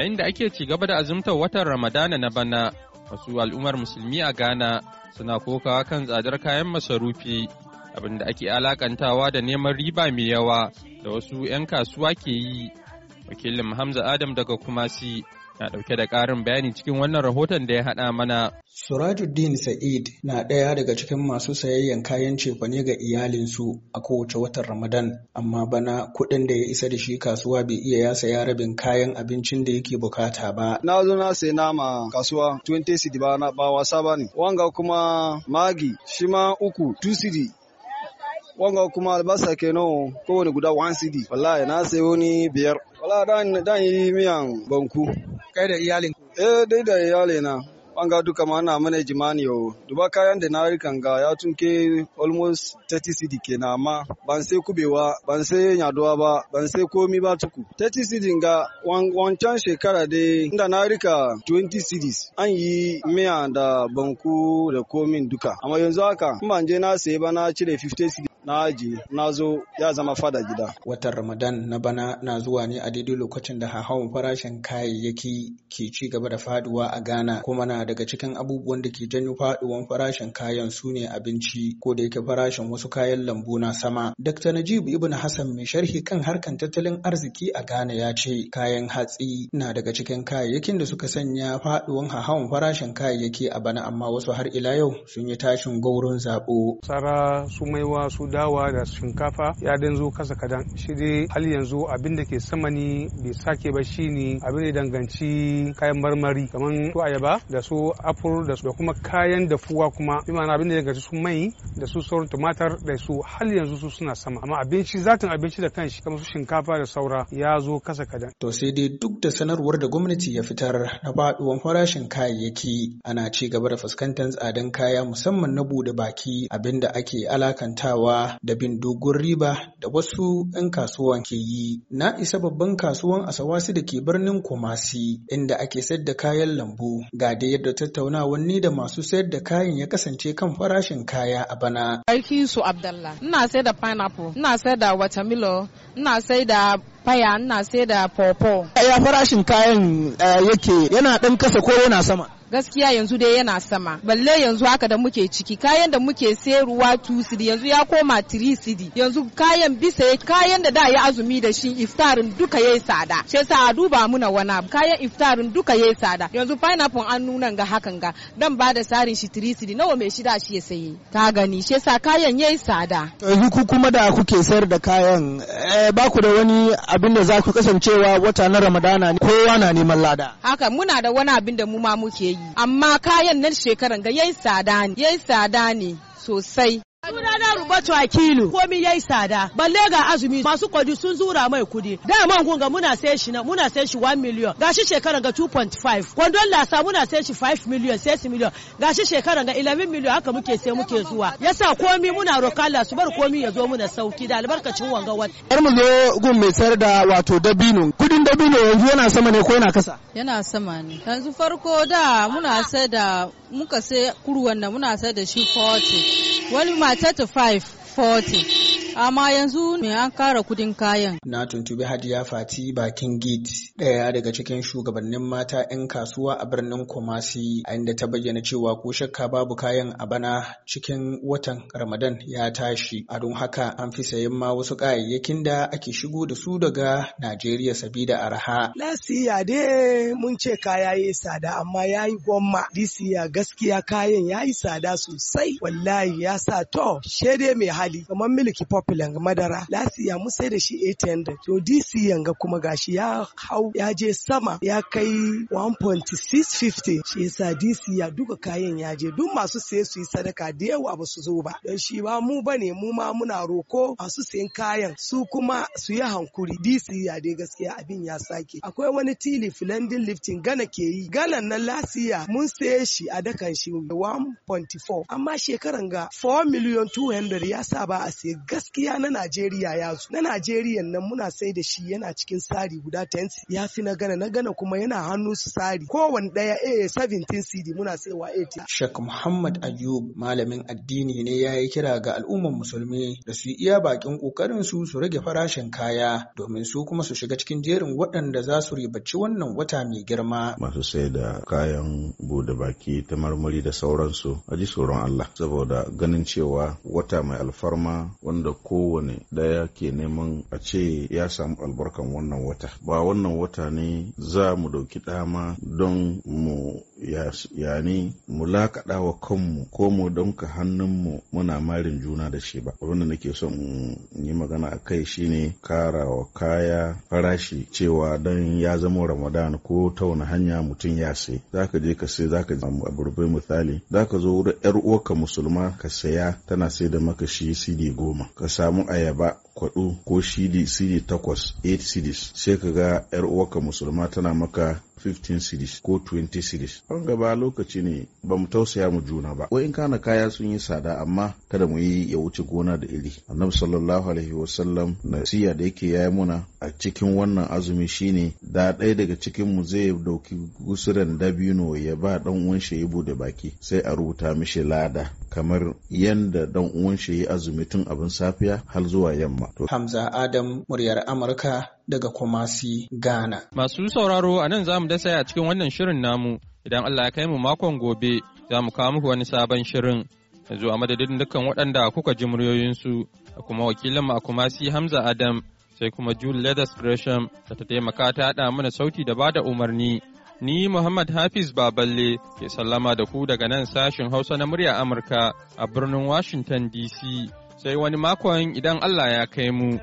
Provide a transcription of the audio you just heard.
yayin da ake ci gaba da azumtar watan ramadana na bana wasu al'ummar musulmi a ghana suna kokawa kan tsadar kayan masarufi abinda ake alakantawa da neman riba mai yawa da wasu 'yan kasuwa ke yi wakilin hamza adam daga kumasi na ɗauke da ƙarin bayani cikin wannan rahoton da ya haɗa mana. Surajuddin Sa'id na ɗaya daga cikin masu sayayyan kayan cefane ga iyalinsu a kowace watan Ramadan, amma bana kuɗin da ya isa da shi kasuwa bai iya ya saya rabin kayan abincin da yake bukata ba. Na zo na sayi nama kasuwa 20 cedi ba na ba wasa ba ne. Wanga kuma magi shi ma uku 2 cedi wanga kuma albasa ke nawa? kowane guda 1 cedi. Wallahi na sayo ni biyar. Wallahi dan yi miyan banku. kai da iyalin? Eh dai da iyalina. an ga duka ma ana mana jimani yau duba kayan da na rikan ga ya tunke almost 30 cd kenan amma ban sai kubewa ban sai yaduwa ba ban sai komi ba tuku 30 cd ga wancan shekara dai inda na rika 20 cds an yi miya da banku da komin duka amma yanzu haka in ban je na sayi ba na cire 50 cd na ajiye na zo ya zama fada gida. Watan Ramadan na bana na zuwa ne a daidai lokacin da hawan farashin kayayyaki ke ci gaba da faduwa a Ghana kuma na daga cikin abubuwan da ke janyo faduwan farashin kayan su ne abinci ko da yake farashin wasu kayan lambu na sama. Dr. Najib Ibn Hassan mai sharhi kan harkan tattalin arziki a Ghana ya ce kayan hatsi na daga cikin kayayyakin da suka sanya faduwan hawan farashin kayayyaki a bana amma wasu har ila yau sun yi tashin gaurin zabo. Sara su maiwa su dawa da shinkafa ya dan zo kasa kadan shi dai hal yanzu abin da ke sama ni bai sake ba shine abin da danganci kayan marmari kaman su ayaba da su apple da su da kuma kayan dafuwa kuma bi ma'ana abin da danganci su mai da su sauran tumatar da su hal yanzu su suna sama amma abinci zatin abinci da kanshi kamar su shinkafa da saura ya zo kasa kadan to sai dai duk da sanarwar da gwamnati ya fitar na faduwan farashin kayayyaki ana ci gaba da fuskantar tsadan kaya musamman na bude baki abinda ake alakantawa da bin dogon riba da wasu 'yan kasuwan ke yi. Na isa babban kasuwan Asawasi da ke birnin Kumasi inda ake sayar da kayan lambu. Ga da yadda tattaunawar ni da masu sayar da kayan ya kasance kan farashin kaya a bana. Aikin su Abdallah. Ina sayar da pineapple, ina sayar da watermelon, ina sayar da paya, ina sayar da pawpaw. Ya farashin kayan eh, yake yana ɗan kasa ko yana sama? gaskiya yanzu dai yana sama balle yanzu haka da muke ciki kayan da muke sayarwa tusidi yanzu ya koma tirisidi yanzu kayan bisa kayan da da ya azumi da shi iftarin duka yayi tsada shi yasa a duba muna wana kayan iftarin duka yayi tsada yanzu pineapple an nuna ga hakan ga dan ba da sarin shi tirisidi nawa mai shi da shi ya saye ta gani shi yasa kayan yayi tsada yanzu ku kuma da kuke sayar da kayan eh, ba ku da wani abin da za ku kasancewa wata na ramadana kowa na neman lada haka muna da wani abin da mu ma muke yi amma kayan nan shekaran ga yayi tsada ne yayi tsada ne sosai Sunana Rubatu Akilu komi yayi tsada balle ga azumi masu kwadi sun zura mai kudi da man ga muna sai shi na muna sai shi 1 million gashi shekaran ga 2.5 kwandon lasa muna sai shi 5 million 6 million gashi shekaran ga 11 million haka muke sai muke zuwa yasa komi muna roƙa su bar komi ya zo muna sauki da albarkacin wanga wani. Yar mu zo gun mai sayar da wato dabino kudin dabino yanzu yana sama ne ko yana kasa? Yana sama ne yanzu farko da muna sai da muka sai kurwan nan muna sai da shi 40 wani mata to 5 40 amma yanzu ne an kara kudin kayan. Na tuntubi Hajiya Fati bakin gate ɗaya daga cikin shugabannin mata 'yan kasuwa a birnin Kumasi a inda ta bayyana cewa ko shakka babu kayan a bana cikin watan Ramadan ya tashi. A don haka an fi sayan ma wasu kayayyakin da ake shigo da su daga Najeriya sabida arha. Lasiya de mun ce kaya yayi tsada amma yayi gwamma. Disiya gaskiya kayan yayi tsada sosai wallahi ya sa to shede mai hali kamar miliki kofil madara lasi ya musai da shi 800 to dc yanga kuma gashi ya hau ya je sama ya kai 1.650 shi yasa dc ya duka kayan ya je duk masu saye su yi sadaka da yawa ba su zo ba don shi ba mu bane mu ma muna roko masu sayan kayan su kuma su yi hankuri dc ya dai gaskiya abin ya sake akwai wani tili filandin lifting gana ke yi Gana na lasiya mun saye shi a dakan shi 1.4 amma shekaran ga 4 miliyan 200 ya sa ba a sai gas gaskiya na Najeriya ya zo. Na Najeriya nan muna sai da shi yana cikin sari guda 10 ya fi na gana na gana kuma yana hannu su sari kowane ɗaya a 17 cd muna saiwa 80. Sheikh Muhammad Ayub malamin addini ne ya yi kira ga al'ummar musulmi da su iya bakin kokarin su su rage farashin kaya domin su kuma su shiga cikin jerin waɗanda za su ribaci wannan wata mai girma. Masu sai da kayan bude baki ta marmari da sauransu a ji tsoron Allah saboda ganin cewa wata mai alfarma wanda kowane daya ke neman a ce ya samu albarkan wannan wata ba wannan wata ne za mu ɗauki dama don mu yani mu lakaɗa wa kanmu ko mu hannun hannunmu muna marin juna da shi ba abinda nake son in yi magana a kai shine kara wa kaya farashi cewa dan ya zama ramadan ko ta wani hanya mutum ya sai zaka je ka sai zaka je a burbai misali zaka zo wurin yar uwarka musulma ka saya tana sai da maka shi cd goma ka samu ayaba kwaɗo ko cd cd takwas 8 cds sai ka ga yar uwarka musulma tana maka 15 series ko 20 series an gaba lokaci ne ba mu tausaya mu juna ba wa'in kana kaya sun yi tsada amma kada mu yi ya wuce gona da iri annabi sallallahu alaihi na nasiya da yake yayi muna a cikin wannan azumi shine da ɗaya daga cikin mu zai dauki gusuran dabino ya ba dan uwan shi ya bude baki sai a rubuta mishi lada kamar yanda dan uwan shi ya azumi tun abin safiya har zuwa yamma Hamza Adam muryar Amurka daga Kumasi, Ghana. Masu sauraro a nan zamu mu dasa a cikin wannan shirin namu idan Allah ya kai mu makon gobe za mu kawo muku wani sabon shirin. Yanzu a madadin dukkan waɗanda kuka ji muryoyinsu da kuma wakilin mu a Kumasi Hamza Adam sai kuma jul Leathers Gresham da ta taimaka ta haɗa mana sauti da bada umarni. Ni Muhammad Hafiz Baballe ke sallama da ku daga nan sashin Hausa na murya Amurka a birnin Washington DC. sai wani makon idan Allah ya kai mu.